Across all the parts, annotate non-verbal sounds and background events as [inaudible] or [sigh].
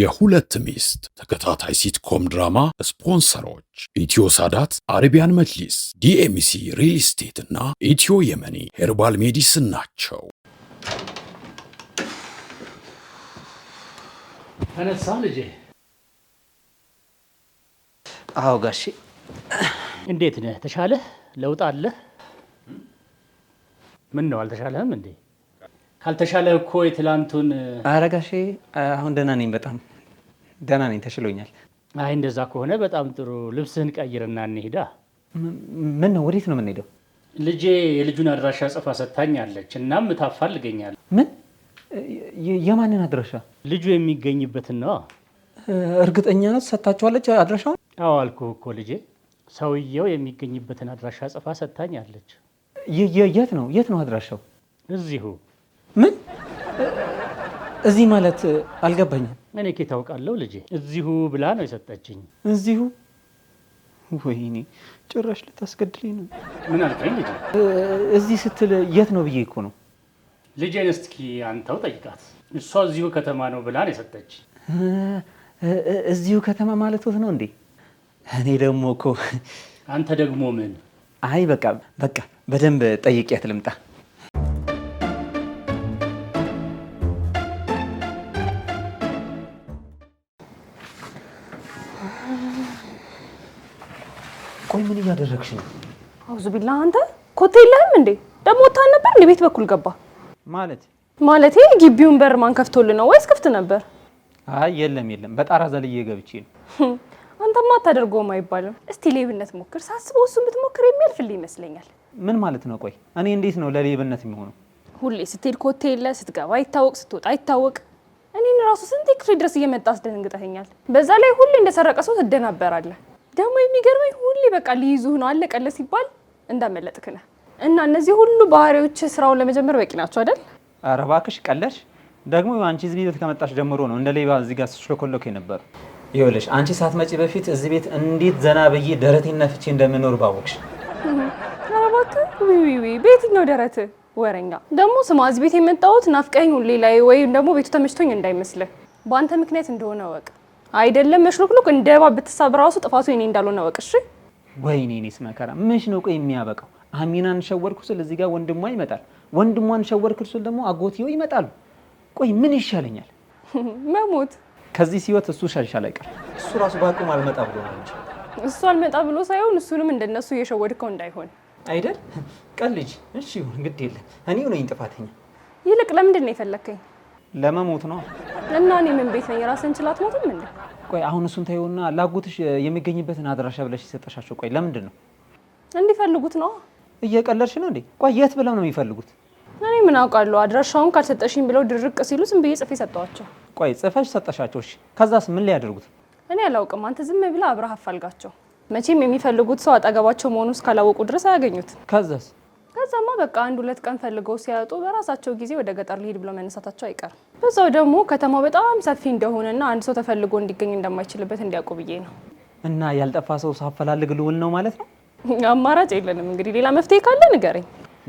የሁለት ሚስት ተከታታይ ሲትኮም ድራማ ስፖንሰሮች ኢትዮ ሳዳት፣ አረቢያን መጅሊስ፣ ዲኤምሲ ሪል ስቴት እና ኢትዮ የመኒ ሄርባል ሜዲስን ናቸው። ተነሳ ልጄ። አዎ ጋሼ፣ እንዴት ነህ? ተሻለህ? ለውጥ አለህ? ምን ነው አልተሻለህም እንዴ? ካልተሻለህ እኮ የትላንቱን። አረ ጋሼ፣ አሁን ደህና ነኝ በጣም ደህና ነኝ፣ ተሽሎኛል። አይ እንደዛ ከሆነ በጣም ጥሩ። ልብስህን ቀይርና እንሄዳ። ምን ነው? ወዴት ነው የምንሄደው? ልጄ የልጁን አድራሻ ጽፋ ሰጥታኛለች። እናም ታፋልገኛል። ምን? የማንን አድራሻ? ልጁ የሚገኝበትን ነው? እርግጠኛ ነው ሰጥታችኋለች አድራሻውን? አዎ አልኩህ እኮ ልጄ፣ ሰውየው የሚገኝበትን አድራሻ ጽፋ አለች። የት ነው የት ነው አድራሻው? እዚሁ። ምን እዚህ ማለት አልገባኝም። እኔ ኬት አውቃለሁ ልጄ፣ እዚሁ ብላ ነው የሰጠችኝ። እዚሁ ወይኔ፣ ጭራሽ ልታስገድልኝ ነው። ምን አልከኝ ልጄ? እዚህ ስትል የት ነው ብዬ እኮ ነው። ልጄን እስኪ አንተው ጠይቃት። እሷ እዚሁ ከተማ ነው ብላ ነው የሰጠች። እዚሁ ከተማ ማለት ነው እንዴ? እኔ ደግሞ እኮ አንተ ደግሞ ምን? አይ በቃ በቃ፣ በደንብ ጠይቂያት ልምጣ እያደረግሽ ነው? አውዙ ቢላ አንተ ኮቴ የለህም እንዴ? ደግሞ ነበር እንዴ? ቤት በኩል ገባ ማለት ማለት ግቢውን በር ማን ከፍቶልህ ነው ወይስ ክፍት ነበር? አይ የለም የለም፣ በጣራ ዘልዬ ገብቼ ነው። አንተማ አታደርገውም አይባልም። እስቲ ሌብነት ሞክር። ሳስበው እሱን ብትሞክር የሚያልፍልህ ይመስለኛል። ምን ማለት ነው? ቆይ እኔ እንዴት ነው ለሌብነት የሚሆነው? ሁሌ ስትሄድ ኮቴ የለ፣ ስትገባ አይታወቅ፣ ስትወጣ አይታወቅ። እኔን ራሱ ስንቴ ክፍል ድረስ እየመጣ አስደንግጠኸኛል። በዛ ላይ ሁሌ እንደሰረቀ ሰው ትደናበራለህ። ደግሞ የሚገርመኝ ሁሌ በቃ ሊይዙህ ነው አለቀለ ሲባል እንዳመለጥክ ነህ። እና እነዚህ ሁሉ ባህሪዎች ስራውን ለመጀመር በቂ ናቸው አይደል? ኧረ እባክሽ ቀለሽ። ደግሞ አንቺ እዚህ ቤት ከመጣሽ ጀምሮ ነው እንደ ሌባ እዚህ ጋር ስሽለኮለኮ የነበረው። ይኸውልሽ አንቺ ሳትመጪ በፊት እዚህ ቤት እንዴት ዘና ብዬ ደረቴ ነፍቼ እንደምኖር ባወቅሽ። ኧረ እባክህ በየትኛው ደረት ወረኛ። ደግሞ ስማ እዚህ ቤት የመጣሁት ናፍቀኝ ሁሌ ላይ ወይም ደግሞ ቤቱ ተመችቶኝ እንዳይመስልህ በአንተ ምክንያት እንደሆነ ወቅ አይደለም መሽሎክሎክ እንደ እባብ ብትሳብ ራሱ ጥፋቱ የኔ እንዳልሆነ ወቅ። እሺ ወይኔ ኔስ መከራ መሽኖቆ የሚያበቃው አሚናን ሸወርኩ ስል እዚህ ጋር ወንድሟ ይመጣል። ወንድሟን ሸወርክ ስል ደግሞ አጎትዮ ይመጣሉ። ቆይ ምን ይሻለኛል? መሞት ከዚህ ሲወት እሱ ሻልሻል አይቀር። እሱ ራሱ በአቅሙ አልመጣ ብሎ ነው እንጂ እሱ አልመጣ ብሎ ሳይሆን እሱንም እንደነሱ እየሸወድከው እንዳይሆን አይደል? ቀልጅ። እሺ ይሁን ግድ የለም። እኔ ሆነኝ ጥፋተኛ። ይልቅ ለምንድን ነው የፈለከኝ? ለመሞት ነው እና እኔ ምን ቤት ነኝ? ራስን ችላት ሞትም እንዴ? ቆይ አሁን እሱን ታየውና ላጎትሽ የሚገኝበትን አድራሻ ብለሽ ሰጠሻቸው ቆይ ለምንድን ነው እንዲፈልጉት ነው? እየቀለድሽ ነው እንዴ? ቆይ የት ብለው ነው የሚፈልጉት? እኔ ምን አውቃለሁ። አድራሻውን ካልሰጠሽኝ ብለው ድርቅ ሲሉ ዝም ብዬ ጽፌ ሰጠዋቸው። ቆይ ጽፈሽ ሰጠሻቸው? እሺ፣ ከዛስ ምን ሊያደርጉት? እኔ አላውቅም። አንተ ዝም ብለህ አብረህ አፋልጋቸው። መቼም የሚፈልጉት ሰው አጠገባቸው መሆኑ እስካላወቁ ድረስ አያገኙት። ከዛስ ከዛማ በቃ አንድ ሁለት ቀን ፈልገው ሲያጡ በራሳቸው ጊዜ ወደ ገጠር ሊሄድ ብለው መነሳታቸው አይቀርም። በዛው ደግሞ ከተማው በጣም ሰፊ እንደሆነና አንድ ሰው ተፈልጎ እንዲገኝ እንደማይችልበት እንዲያውቁ ብዬ ነው። እና ያልጠፋ ሰው ሳፈላልግ ልውል ነው ማለት ነው። አማራጭ የለንም እንግዲህ። ሌላ መፍትሄ ካለ ንገረኝ።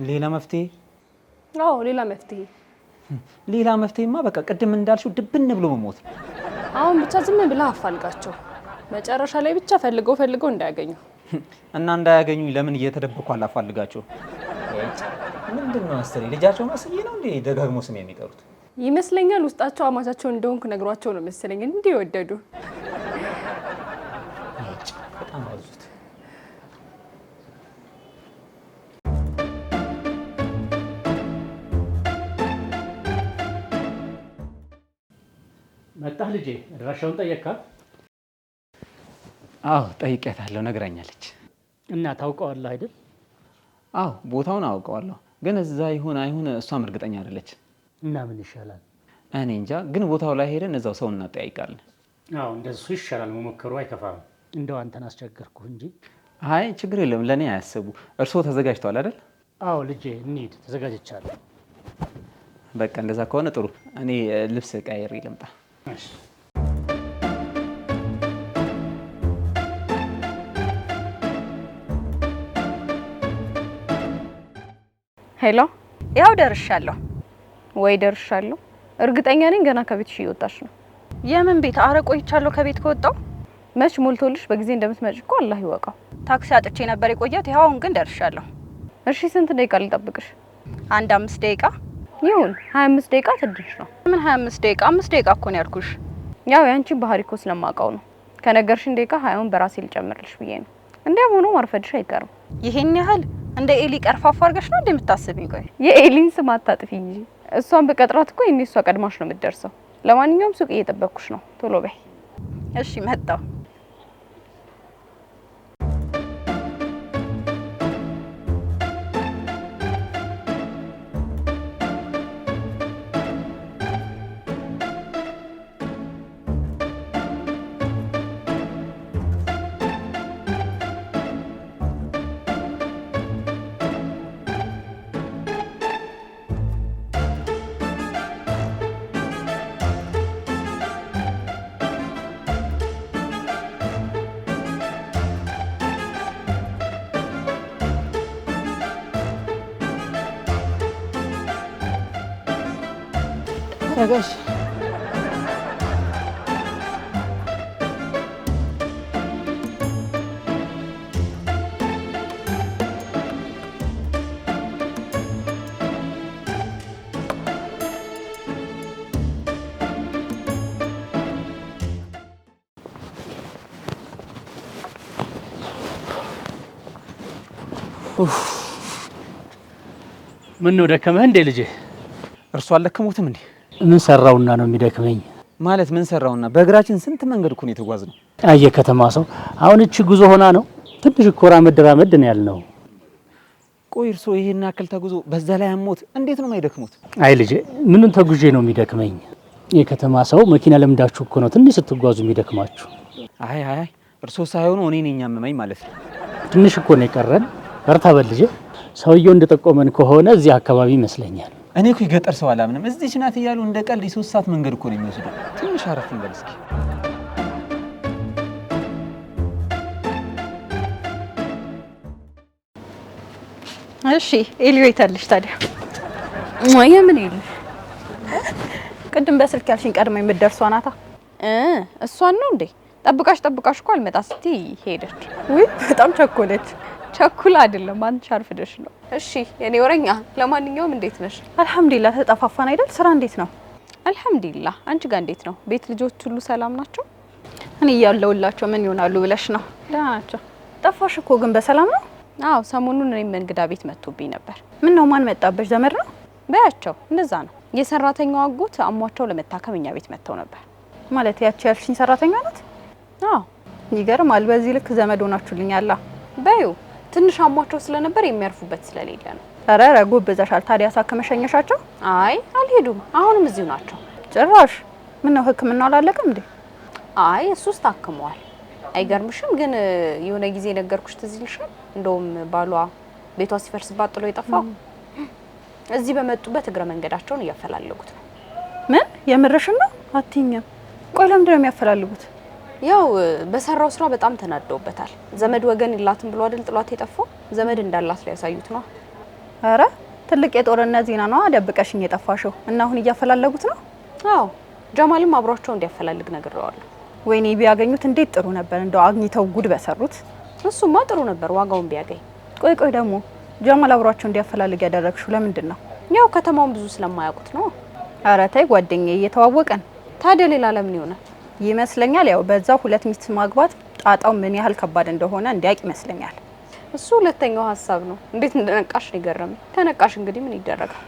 ሌላ መፍትሄ? አዎ ሌላ መፍትሄ። ሌላ መፍትሄማ በቃ ቅድም እንዳልሽው ድብን ብሎ መሞት። አሁን ብቻ ዝም ብለህ አፋልጋቸው፣ መጨረሻ ላይ ብቻ ፈልገው ፈልገው እንዳያገኙ እና እንዳያገኙ ለምን እየተደበኩ አላፋልጋቸው ምንድን ነው አስቴር? ልጃቸው መስዬ ነው እንዴ ደጋግሞ ስም የሚጠሩት? ይመስለኛል ውስጣቸው አማቻቸው እንደሆንኩ ነግሯቸው ነው መሰለኝ እንዲህ ወደዱ በጣም አብዙት። መጣህ ልጄ? አድራሻውን ጠየቅካት? አዎ ጠይቄያታለሁ፣ ነግራኛለች። እና ታውቀዋለህ አይደል? አዎ ቦታውን አውቀዋለሁ፣ ግን እዛ ይሁን አይሁን እሷም እርግጠኛ አይደለች። እና ምን ይሻላል? እኔ እንጃ፣ ግን ቦታው ላይ ሄደን እዛው ሰው እናጠያይቃለን። አዎ እንደሱ ይሻላል፣ መሞከሩ አይከፋም። እንደው አንተን አስቸገርኩ እንጂ። አይ ችግር የለም፣ ለእኔ አያስቡ። እርስዎ ተዘጋጅተዋል አይደል? አዎ ልጄ፣ እንሂድ፣ ተዘጋጅቻለሁ። በቃ እንደዛ ከሆነ ጥሩ። እኔ ልብስ ቀይሬ ልምጣ። ሄሎ፣ ያው ደርሻለሁ። ወይ ደርሻለሁ። እርግጠኛ ነኝ ገና ከቤትሽ እየወጣሽ ነው። የምን ቤት? አረ ቆይቻለሁ ከቤት ከወጣው። መች ሞልቶልሽ በጊዜ እንደምትመጪ እኮ አላህ ይወቀው። ታክሲ አጥቼ ነበር የቆየት። ይኸው አሁን ግን ደርሻለሁ። እሺ፣ ስንት ደቂቃ ልጠብቅሽ? አንድ አምስት ደቂቃ ይሁን። ሀያ አምስት ደቂቃ ትድሽ ነው። ምን ሀያ አምስት ደቂቃ? አምስት ደቂቃ እኮ ነው ያልኩሽ። ያው ያንቺ ባህሪ እኮ ስለማውቀው ነው። ከነገርሽን ደቂቃ ሀያውን በራሴ ልጨምርልሽ ብዬ ነው። እንዲያም ሆኖ ማርፈድሽ አይቀርም። ይሄን ያህል እንደ ኤሊ ቀርፋፋ አድርገሽ ነው እንደምታስብኝ? የምታስብኝ? ቆይ የኤሊን ስም አታጥፊ እንጂ እሷን በቀጥራት እኮ እኔ እሷ ቀድማሽ ነው የምትደርሰው። ለማንኛውም ሱቅ እየጠበቅኩሽ ነው፣ ቶሎ በይ። እሺ መጣው Arkadaş. ምን ነው ደከመህ እንዴ ልጄ? እርሷ አለከሙትም እንዴ? ምን ሰራውና ነው የሚደክመኝ? ማለት ምን ሰራውና? በእግራችን ስንት መንገድ እኮ ነው የተጓዝነው። አየ ከተማ ሰው አሁን እቺ ጉዞ ሆና ነው ትንሽ እኮ ራመድ ራመድ ነው ያልነው። ቆይ እርሶ ይሄን ያክል ተጉዞ በዛ ላይ አሞት እንዴት ነው የማይደክሙት? አይ ልጄ ምኑን ተጉዤ ነው የሚደክመኝ? የከተማ ሰው መኪና ለምዳችሁ እኮ ነው ትንሽ ስትጓዙ የሚደክማችሁ። አይ አይ እርሶ ሳይሆኑ እኔ ነኝ ያመመኝ ማለት ነው። ትንሽ እኮ ነው የቀረን። በርታ በል ልጄ። ሰውየው እንደጠቆመን ከሆነ እዚህ አካባቢ ይመስለኛል። እኔ እኮ የገጠር ሰው አላምንም። እዚች ናት እያሉ እንደ ቀልድ የሶስት ሰዓት መንገድ እኮ ነው የሚወስደው። ትንሽ አረፍ እንበል እስኪ። እሺ ኤልዮ የታለሽ ታዲያ? ምን ይል ቅድም በስልክ ያልሽኝ ቀድማ የምትደርሷ ናታ። እሷን ነው እንዴ? ጠብቃሽ ጠብቃሽ እኮ አልመጣ ስትይ ሄደች። ውይ በጣም ቸኮለች። ቸኩል አይደለም። አንቺ አርፍደሽ ነው። እሺ የኔ ወረኛ፣ ለማንኛውም እንዴት ነሽ? አልሐምዱሊላህ። ተጠፋፋን አይደል? ስራ እንዴት ነው? አልሐምዱሊላህ። አንቺ ጋር እንዴት ነው? ቤት ልጆች ሁሉ ሰላም ናቸው? እኔ እያለሁላቸው ምን ይሆናሉ ብለሽ ነው? ደህና ናቸው። ጠፋሽ እኮ ግን በሰላም ነው? አዎ፣ ሰሞኑን እኔም እንግዳ ቤት መጥቶብኝ ነበር። ምን ነው? ማን መጣበሽ? ዘመድ ነው በያቸው። እንደዛ ነው። የሰራተኛው አጎት አሟቸው ለመታከም እኛ ቤት መጥተው ነበር። ማለት ያቺ ያልሽኝ ሰራተኛ ናት? አዎ። ይገርማል። በዚህ ልክ ዘመድ ሆናችሁልኛላ። በዩ ትንሽ አሟቸው ስለነበር የሚያርፉበት ስለሌለ ነው። ኧረ ኧረ ጎበዛሻል። ታዲያ ሳክመሽ አይ አልሄዱም፣ አሁንም እዚሁ ናቸው። ጭራሽ ምን ነው ሕክምናው አላለቀም እንዴ? አይ እሱስ ታክመዋል። አይገርምሽም? ግን የሆነ ጊዜ ነገርኩሽ ትዝ ይልሻል? እንደውም ባሏ ቤቷ ሲፈርስባት ጥሎ የጠፋው እዚህ በመጡበት እግረ መንገዳቸውን እያፈላለጉት ነው። ምን የምርሽን ነው? አትይኝም። ቆይ ለምንድን ነው የሚያፈላልጉት? ያው በሰራው ስራ በጣም ተናደውበታል። ዘመድ ወገን ይላትም ብሎ አይደል ጥሏት የጠፋው? ዘመድ እንዳላት ሊያሳዩት ነው። አረ ትልቅ የጦርነት ዜና ነው ደብቀሽኝ የጠፋሽው እና አሁን እያፈላለጉት ነው? አዎ ጀማልም አብሯቸው እንዲያፈላልግ ነግሬዋለሁ። ወይኔ ቢያገኙት እንዴት ጥሩ ነበር። እንደው አግኝተው ጉድ በሰሩት። እሱማ ጥሩ ነበር ዋጋውን ቢያገኝ። ቆይ ቆይ ደግሞ ጀማል አብሯቸው እንዲያፈላልግ ያደረግሽው ለምንድን ነው? ያው ከተማውን ብዙ ስለማያውቁት ነው። አረ ተይ ጓደኛዬ፣ እየተዋወቀን ታዲያ ሌላ ለምን ይሆናል? ይመስለኛል። ያው በዛ ሁለት ሚስት ማግባት ጣጣው ምን ያህል ከባድ እንደሆነ እንዲያውቅ ይመስለኛል። እሱ ሁለተኛው ሀሳብ ነው። እንዴት እንደነቃሽ ይገርም። ተነቃሽ እንግዲህ ምን ይደረጋል።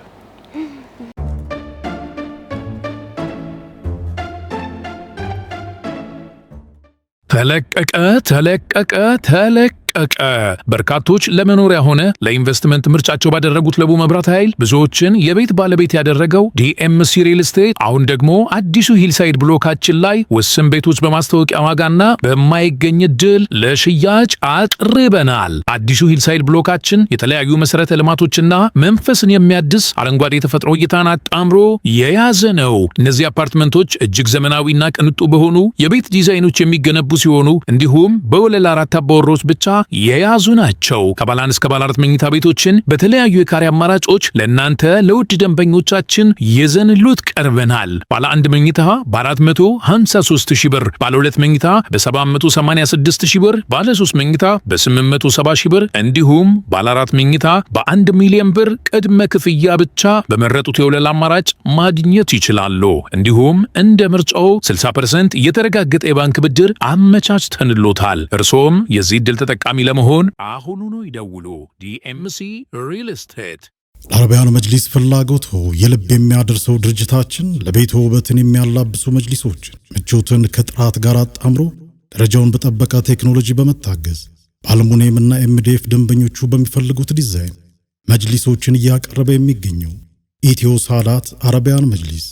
ተለቀቀ ተለቀቀ ተለቀ ተለቀቀ። በርካቶች ለመኖሪያ ሆነ ለኢንቨስትመንት ምርጫቸው ባደረጉት ለቡ መብራት ኃይል ብዙዎችን የቤት ባለቤት ያደረገው ዲኤምሲ ሪል ስቴት አሁን ደግሞ አዲሱ ሂልሳይድ ብሎካችን ላይ ውስን ቤቶች በማስታወቂያ ዋጋና በማይገኝ ድል ለሽያጭ አቅርበናል። አዲሱ ሂልሳይድ ብሎካችን የተለያዩ መሰረተ ልማቶችና መንፈስን የሚያድስ አረንጓዴ የተፈጥሮ እይታን አጣምሮ የያዘ ነው። እነዚህ አፓርትመንቶች እጅግ ዘመናዊና ቅንጡ በሆኑ የቤት ዲዛይኖች የሚገነቡ ሲሆኑ እንዲሁም በወለል አራት አባወሮች ብቻ የያዙ ናቸው። ከባለ አንድ እስከ ባለ አራት መኝታ ቤቶችን በተለያዩ የካሬ አማራጮች ለእናንተ ለውድ ደንበኞቻችን የዘንሉት ቀርበናል። ባለ አንድ መኝታ በ453 ሺህ ብር፣ ባለ ሁለት መኝታ በ786 ሺህ ብር፣ ባለ ሶስት መኝታ በ870 ሺህ ብር እንዲሁም ባለ አራት መኝታ በአንድ ሚሊዮን ብር ቅድመ ክፍያ ብቻ በመረጡት የወለል አማራጭ ማግኘት ይችላሉ። እንዲሁም እንደ ምርጫው 60 የተረጋገጠ የባንክ ብድር አመቻችተንሎታል። እርሶም የዚህ ዕድል ተጠቃሚ ተጠቃሚ ለመሆን አሁኑኑ ይደውሉ። ዲኤምሲ ሪል ስቴት። ለአረቢያን መጅሊስ ፍላጎት የልብ የሚያደርሰው ድርጅታችን ለቤት ውበትን የሚያላብሱ መጅሊሶችን ምቾትን ከጥራት ጋር አጣምሮ ደረጃውን በጠበቀ ቴክኖሎጂ በመታገዝ በአልሙኒየም እና ኤምዲኤፍ ደንበኞቹ በሚፈልጉት ዲዛይን መጅሊሶችን እያቀረበ የሚገኘው ኢትዮ ሳዳት አረቢያን መጅሊስ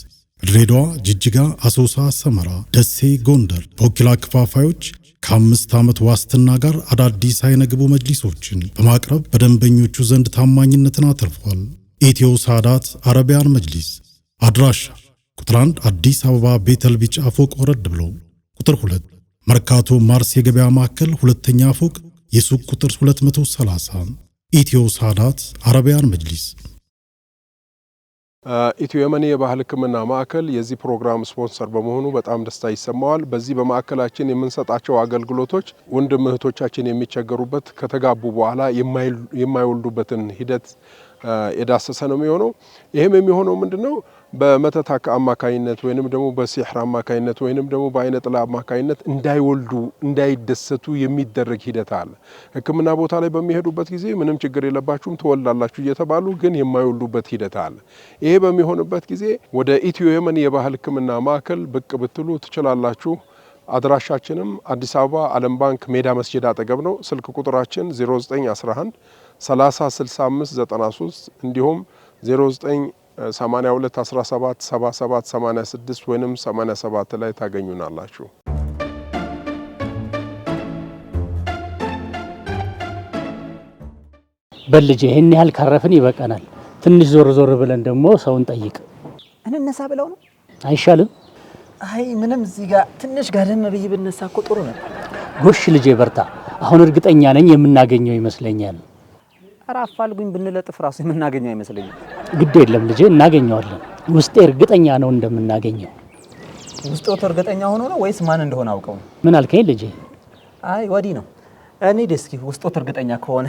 ድሬዳዋ፣ ጅጅጋ፣ አሶሳ፣ ሰመራ፣ ደሴ፣ ጎንደር በወኪላ ክፋፋዮች ከአምስት ዓመት ዋስትና ጋር አዳዲስ ግቡ መጅሊሶችን በማቅረብ በደንበኞቹ ዘንድ ታማኝነትን አተርፏል። ኢትዮ ሳዳት አረቢያን መጅሊስ አድራሻ ቁጥር 1 አዲስ አበባ ቤተል ቢጫ ፎቅ ወረድ ብሎ፣ ቁጥር 2 መርካቶ ማርስ የገበያ ማዕከል ሁለተኛ ፎቅ የሱቅ ቁጥር 230 ኢትዮ ሳዳት አረቢያን መጅሊስ የመን የባህል ሕክምና ማዕከል የዚህ ፕሮግራም ስፖንሰር በመሆኑ በጣም ደስታ ይሰማዋል። በዚህ በማዕከላችን የምንሰጣቸው አገልግሎቶች ወንድም እህቶቻችን የሚቸገሩበት ከተጋቡ በኋላ የማይወልዱበትን ሂደት የዳሰሰ ነው የሚሆነው። ይህም የሚሆነው ምንድን ነው በመተት አማካኝነት ወይንም ደግሞ በሲሕር አማካኝነት ወይንም ደግሞ በአይነ ጥላ አማካኝነት እንዳይወልዱ እንዳይደሰቱ የሚደረግ ሂደት አለ። ሕክምና ቦታ ላይ በሚሄዱበት ጊዜ ምንም ችግር የለባችሁም ትወልዳላችሁ እየተባሉ ግን የማይወልዱበት ሂደት አለ። ይሄ በሚሆንበት ጊዜ ወደ ኢትዮ የመን የባህል ሕክምና ማዕከል ብቅ ብትሉ ትችላላችሁ። አድራሻችንም አዲስ አበባ ዓለም ባንክ ሜዳ መስጂድ አጠገብ ነው። ስልክ ቁጥራችን 0911 6593 እንዲሁም 09 82 17 77 86 ወይም 87 ላይ ታገኙናላችሁ። በልጅ ይህን ያህል ካረፍን ይበቃናል። ትንሽ ዞር ዞር ብለን ደግሞ ሰውን ጠይቅ እንነሳ ብለው ነው አይሻልም? አይ ምንም እዚህ ጋር ትንሽ ጋደም ብዬ ብነሳ እኮ ጥሩ ነው። ጎሽ ልጄ በርታ። አሁን እርግጠኛ ነኝ የምናገኘው ይመስለኛል። ኧረ አፋልጉኝ ብንለጥፍ ራሱ የምናገኘው አይመስለኝም። ግድ የለም ልጄ እናገኘዋለን። ውስጤ እርግጠኛ ነው እንደምናገኘው። ውስጦት እርግጠኛ ሆኖ ነው ወይስ ማን እንደሆነ አውቀው ነው? ምን አልከኝ ልጄ? አይ ወዲህ ነው። እኔ ደስኪ ውስጦት እርግጠኛ ከሆነ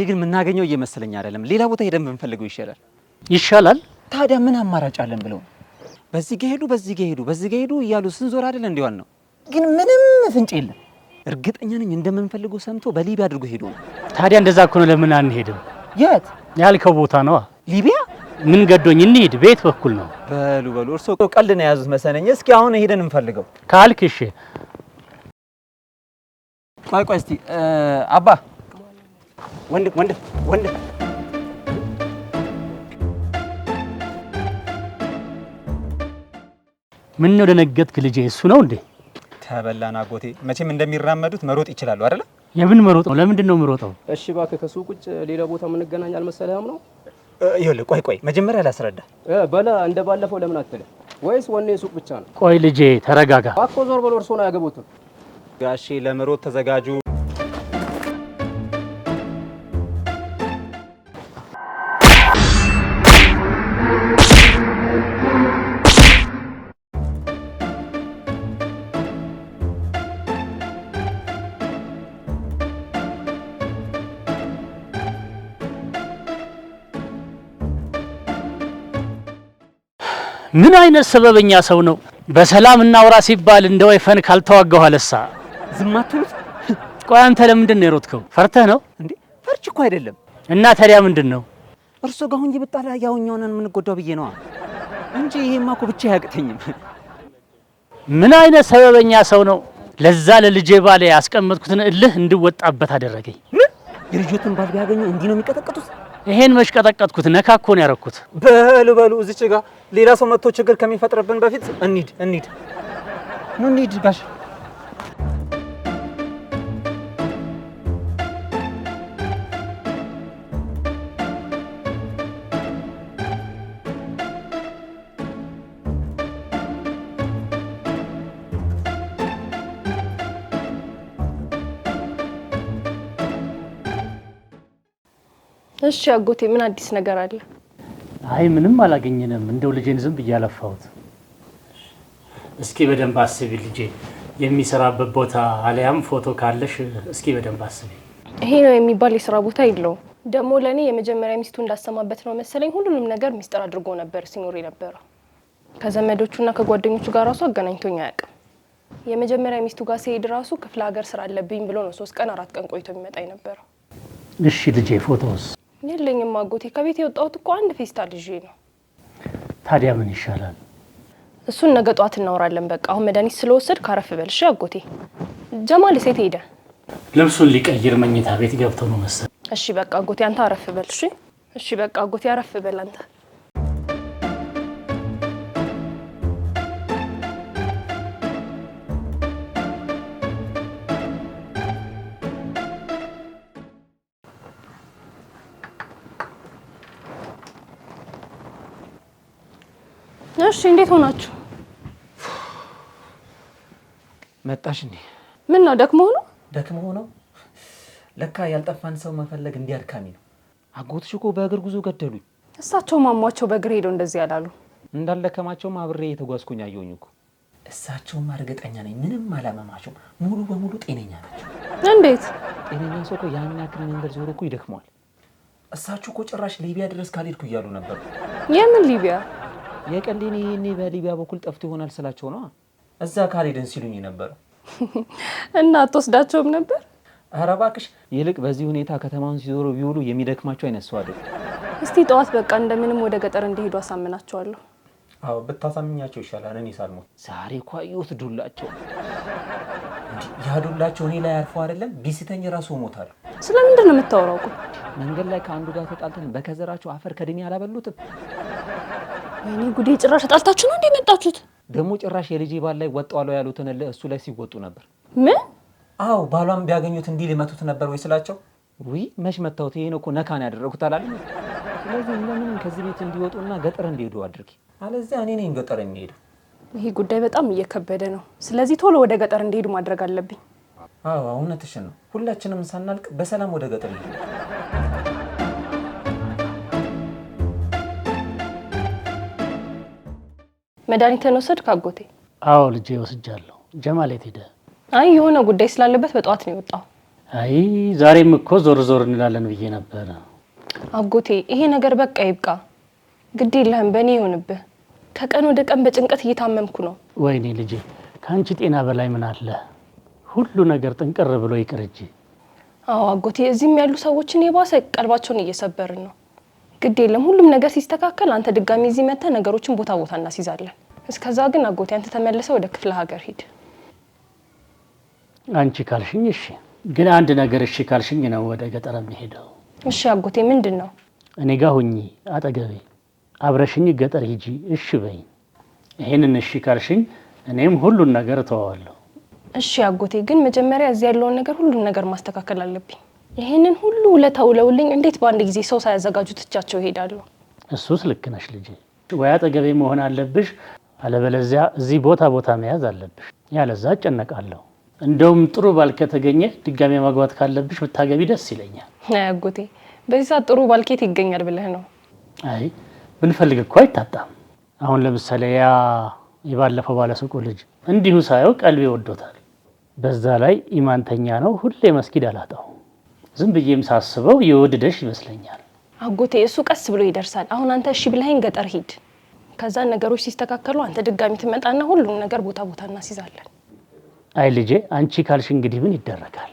እኔ ግን የምናገኘው እየመሰለኝ አይደለም። ሌላ ቦታ ሄደን ብንፈልገው ይሻላል። ይሻላል? ታዲያ ምን አማራጭ አለን ብለው በዚህ ጋ ሄዱ፣ በዚህ ጋ ሄዱ፣ በዚህ ጋ ሄዱ እያሉ ስንዞር አይደለ እንዲዋን ነው። ግን ምንም ፍንጭ የለም። እርግጠኛ ነኝ እንደምንፈልገው ሰምቶ በሊቢያ አድርጎ ሄዱ። ታዲያ እንደዛ ከሆነ ለምን አንሄድም? የት ያልከው ቦታ ነዋ። ሊቢያ ምን ገዶኝ እንሂድ። ቤት በኩል ነው። በሉ በሉ፣ እርስዎ ቀልድ ነው የያዙት መሰለኝ። እስኪ አሁን ሄደን እንፈልገው ካልክ። እሺ ቆይ ቆይ፣ እስቲ አባ ወንድም ወንድም ወንድም ምን ነው ደነገጥክ ልጄ? እሱ ነው እንዴ? ተበላና ጎቴ መቼም እንደሚራመዱት መሮጥ ይችላሉ አይደለ? የምን መሮጥ ነው? ለምንድን ነው የምሮጠው? እሺ እባክህ ከሱቅ ውጭ ሌላ ቦታ የምንገናኝ አልመሰለህም ነው? ይኸውልህ ቆይ ቆይ መጀመሪያ ላስረዳ በላ። እንደ ባለፈው ለምን አትልም? ወይስ ወኔ ሱቅ ብቻ ነው? ቆይ ልጄ ተረጋጋ እኮ። ዞር በል ነው አያገቡትም። ጋሼ ለመሮጥ ተዘጋጁ። ምን አይነት ሰበበኛ ሰው ነው? በሰላም እናውራ ሲባል እንደ ወይፈን ካልተዋጋሁ አለሳ ዝማቱ። አትሉት። [laughs] ቆይ አንተ ለምንድን ነው የሮጥከው? ፈርተህ ነው እንዴ? ፈርች እኮ አይደለም። እና ታዲያ ምንድን ነው? እርሶ ጋር ይብጣላ ብጣላ ያውኛውን የምንጎዳው ብዬ ነዋ እንጂ ይሄማ እኮ ብቻ አያቅተኝም። [laughs] ምን አይነት ሰበበኛ ሰው ነው? ለዛ ለልጄ ባለ ያስቀመጥኩትን እልህ እንድወጣበት አደረገኝ። ምን የልጆትን ባል ቢያገኙ እንዲህ ነው የሚቀጠቅጡት? ይሄን መች ነካኮን ያረኩት። በሉ በሉ እዚች ጋር ሌላ ሰው መጥቶ ችግር ከሚፈጥርብን በፊት እንሂድ እንሂድ ኑ እንሂድ ጋሽ እሺ አጎቴ ምን አዲስ ነገር አለ አይ ምንም አላገኘንም፣ እንደው ልጄን ዝም ብዬ አለፋሁት። እስኪ በደንብ አስቢ ልጄ የሚሰራበት ቦታ አሊያም ፎቶ ካለሽ እስኪ በደንብ አስቢ። ይሄ ነው የሚባል የስራ ቦታ የለው። ደግሞ ለእኔ የመጀመሪያ ሚስቱ እንዳሰማበት ነው መሰለኝ ሁሉንም ነገር ሚስጥር አድርጎ ነበር ሲኖር የነበረው። ከዘመዶቹና ከጓደኞቹ ጋር ራሱ አገናኝቶኝ አያውቅም። የመጀመሪያ ሚስቱ ጋር ሲሄድ ራሱ ክፍለ ሀገር ስራ አለብኝ ብሎ ነው ሶስት ቀን አራት ቀን ቆይቶ የሚመጣ የነበረው። እሺ ልጄ ፎቶስ የለኝም አጎቴ። ከቤት የወጣሁት እኮ አንድ ፌስታል ይዤ ነው። ታዲያ ምን ይሻላል? እሱን ነገ ጧት እናወራለን። በቃ አሁን መድኃኒት ስለወሰድ ካረፍ በልሽ አጎቴ። ጀማል ሴት ሄደ። ልብሱን ሊቀይር መኝታ ቤት ገብቶ ነው መሰል። እሺ በቃ አጎቴ አንተ አረፍ በል። እሺ እሺ በቃ አጎቴ አረፍ በል አንተ እሺ፣ እንዴት ሆናችሁ? መጣሽ እንዴ? ምን ነው ደክሞ ሆኖ ደክሞ ሆኖ። ለካ ያልጠፋን ሰው መፈለግ እንዲህ አድካሚ ነው። አጎትሽ እኮ በእግር ጉዞ ገደሉኝ። እሳቸው ማሟቸው በእግር ሄደው እንደዚህ ያላሉ። እንዳልደከማቸውም አብሬ የተጓዝኩኝ አየሁኝ እኮ። እሳቸውም እርግጠኛ ነኝ ምንም አላመማቸው፣ ሙሉ በሙሉ ጤነኛ ናቸው። እንዴት ጤነኛ ሰው እኮ ያን ያክል መንገድ ዞሮ እኮ ይደክመዋል። እሳቸው እኮ ጭራሽ ሊቢያ ድረስ ካልሄድኩ እያሉ ነበር። የምን ሊቢያ የቀንዴን ይህኔ በሊቢያ በኩል ጠፍቶ ይሆናል ስላቸው ነው እዛ ካልሄድን ሲሉኝ ነበር። [laughs] እና አትወስዳቸውም ነበር? ኧረ እባክሽ። ይልቅ በዚህ ሁኔታ ከተማውን ሲዞሩ ቢውሉ የሚደክማቸው አይነሱ። ሰው እስቲ ጠዋት በቃ እንደምንም ወደ ገጠር እንዲሄዱ አሳምናቸዋለሁ። አዎ ብታሳምኛቸው ይሻላል። እኔ ሳልሞት ዛሬ እኮ አየሁት ዱላቸው። ያ ዱላቸው እኔ ላይ አርፎ አይደለም ቢስተኝ ራሱ ሞታል። ስለምንድን ነው የምታወራው? መንገድ ላይ ከአንዱ ጋር ተጣልተን በከዘራቸው አፈር ከድሜ አላበሉትም። ወይኔ ጉዴ! ጭራሽ ተጣልታችሁ ነው እንዴ መጣችሁት? ደግሞ ጭራሽ የልጄ ባል ላይ ወጣዋለሁ ያሉትን እሱ ላይ ሲወጡ ነበር። ምን? አዎ ባሏም ቢያገኙት እንዲህ ሊመቱት ነበር ወይ ስላቸው፣ ውይ መች መታሁት፣ ይሄን እኮ ነካን ያደረጉት አላለ። ስለዚህ ለምንም ከዚህ ቤት እንዲወጡና ገጠር እንዲሄዱ አድርጊ፣ አለዚያ እኔ ነኝ ገጠር የሚሄዱ። ይሄ ጉዳይ በጣም እየከበደ ነው። ስለዚህ ቶሎ ወደ ገጠር እንዲሄዱ ማድረግ አለብኝ። አዎ እውነትሽን ነው። ሁላችንም ሳናልቅ በሰላም ወደ ገጠር እንሄዱ። መድኃኒትን ወሰድክ አጎቴ? አዎ ልጄ ወስጃለሁ። ጀማል የት ሄደ? አይ የሆነ ጉዳይ ስላለበት በጠዋት ነው የወጣው። አይ ዛሬም እኮ ዞር ዞር እንላለን ብዬ ነበረ። አጎቴ ይሄ ነገር በቃ ይብቃ። ግድ የለህም በእኔ ይሆንብህ። ከቀን ወደ ቀን በጭንቀት እየታመምኩ ነው። ወይኔ ልጄ ከአንቺ ጤና በላይ ምን አለ? ሁሉ ነገር ጥንቅር ብሎ ይቅር እንጂ። አዎ አጎቴ፣ እዚህም ያሉ ሰዎችን የባሰ ቀልባቸውን እየሰበርን ነው። ግድ የለም ሁሉም ነገር ሲስተካከል አንተ ድጋሚ እዚህ መተ ነገሮችን ቦታ ቦታ እናስይዛለን። እስከዛ ግን አጎቴ አንተ ተመለሰ ወደ ክፍለ ሀገር ሂድ። አንቺ ካልሽኝ እሺ። ግን አንድ ነገር እሺ ካልሽኝ ነው ወደ ገጠር የሚሄደው። እሺ አጎቴ ምንድን ነው? እኔ ጋ ሁኚ፣ አጠገቤ አብረሽኝ ገጠር ሂጂ። እሺ በይ። ይሄንን እሺ ካልሽኝ እኔም ሁሉን ነገር እተዋዋለሁ። እሺ አጎቴ፣ ግን መጀመሪያ እዚህ ያለውን ነገር ሁሉን ነገር ማስተካከል አለብኝ። ይህንን ሁሉ ውለታ ውለውልኝ እንዴት በአንድ ጊዜ ሰው ሳያዘጋጁ ትቻቸው ይሄዳሉ? እሱስ ልክ ነሽ ልጄ። ወይ አጠገቤ መሆን አለብሽ፣ አለበለዚያ እዚህ ቦታ ቦታ መያዝ አለብሽ። ያለዛ እጨነቃለሁ። እንደውም ጥሩ ባል ከተገኘ ድጋሜ ማግባት ካለብሽ ብታገቢ ደስ ይለኛል። አያጎቴ፣ በዚህ ሰዓት ጥሩ ባል ይገኛል ብለህ ነው? አይ ብንፈልግ እኮ አይታጣም። አሁን ለምሳሌ ያ የባለፈው ባለሱቁ ልጅ እንዲሁ ሳየው ቀልቤ ወዶታል። በዛ ላይ ኢማንተኛ ነው፣ ሁሌ መስጊድ አላጣው ዝም ብዬም ሳስበው የወደደሽ ይመስለኛል። አጎቴ እሱ ቀስ ብሎ ይደርሳል። አሁን አንተ እሺ ብለኸኝ ገጠር ሂድ፣ ከዛ ነገሮች ሲስተካከሉ አንተ ድጋሚ ትመጣና ሁሉም ነገር ቦታ ቦታ እናስይዛለን። አይ ልጄ፣ አንቺ ካልሽ እንግዲህ ምን ይደረጋል።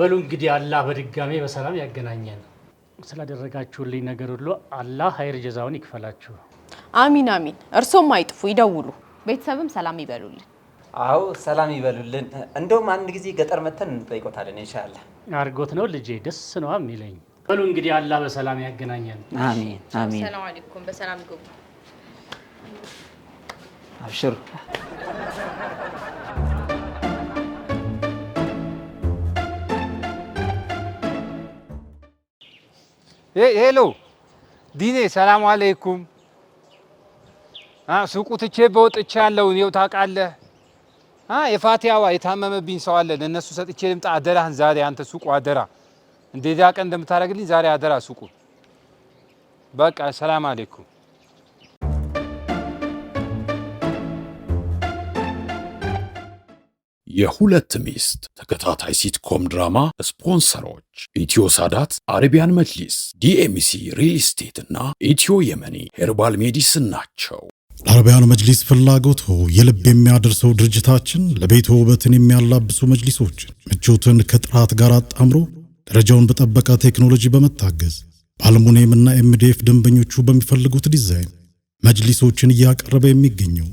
በሉ እንግዲህ አላህ በድጋሜ በሰላም ያገናኘን። ስላደረጋችሁልኝ ነገር ሁሉ አላህ ሀይር ጀዛውን ይክፈላችሁ። አሚን አሚን። እርሶም አይጥፉ ይደውሉ፣ ቤተሰብም ሰላም ይበሉልን። አዎ ሰላም ይበሉልን። እንደውም አንድ ጊዜ ገጠር መተን እንጠይቆታለን። እንሻላ አድርጎት ነው ልጄ፣ ደስ ነው የሚለኝ። በሉ እንግዲህ አላህ በሰላም ያገናኛል። አሚን አሚን። ሰላም አለይኩም። በሰላም ግቡ። አብሽሩ ሄሎ ዲኔ፣ ሰላም አለይኩም ሱቁ ትቼ በወጥቼ ያለው ይኸው ታውቃለህ። የፋቲያዋ የታመመብኝ ሰው አለ ለእነሱ ሰጥቼ ልምጣ። አደራህን ዛሬ አንተ ሱቁ አደራ፣ እንደዚያ ቀን እንደምታደርግልኝ ዛሬ አደራ ሱቁ። በቃ ሰላም አሌኩም። የሁለት ሚስት ተከታታይ ሲትኮም ድራማ ስፖንሰሮች ኢትዮ ሳዳት፣ አረቢያን መጅሊስ፣ ዲኤምሲ ሪል ስቴት እና ኢትዮ የመኒ ሄርባል ሜዲስን ናቸው። ለአረቢያን መጅሊስ ፍላጎት የልብ የሚያደርሰው ድርጅታችን ለቤት ውበትን የሚያላብሱ መጅሊሶችን ምቾትን ከጥራት ጋር አጣምሮ ደረጃውን በጠበቀ ቴክኖሎጂ በመታገዝ በአልሙኒየም እና ኤምዲኤፍ ደንበኞቹ በሚፈልጉት ዲዛይን መጅሊሶችን እያቀረበ የሚገኘው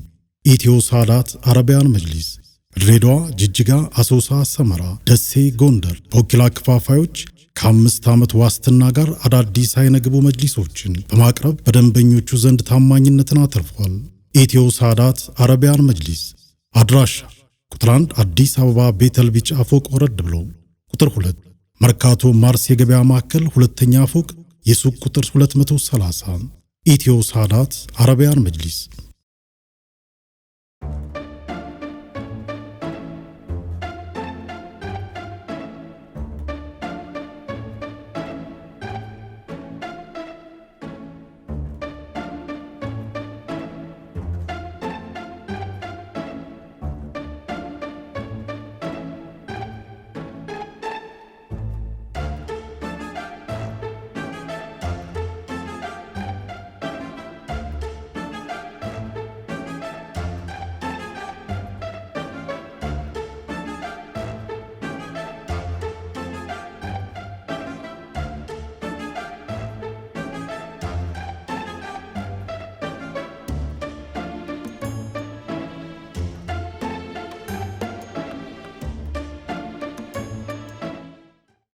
ኢትዮ ሳዳት አረቢያን መጅሊስ በድሬዳዋ፣ ጅጅጋ፣ አሶሳ፣ ሰመራ፣ ደሴ፣ ጎንደር በወኪላ ክፋፋዮች ከአምስት ዓመት ዋስትና ጋር አዳዲስ ግቡ መጅሊሶችን በማቅረብ በደንበኞቹ ዘንድ ታማኝነትን አትርፏል። ኢትዮ ሳዳት አረቢያን መጅሊስ አድራሻ ቁጥር 1 አዲስ አበባ ቤተል ቢጫ ፎቅ ወረድ ብሎ፣ ቁጥር 2 መርካቶ ማርስ የገበያ ማዕከል ሁለተኛ ፎቅ የሱቅ ቁጥር 230 ኢትዮ ሳዳት አረቢያን መጅሊስ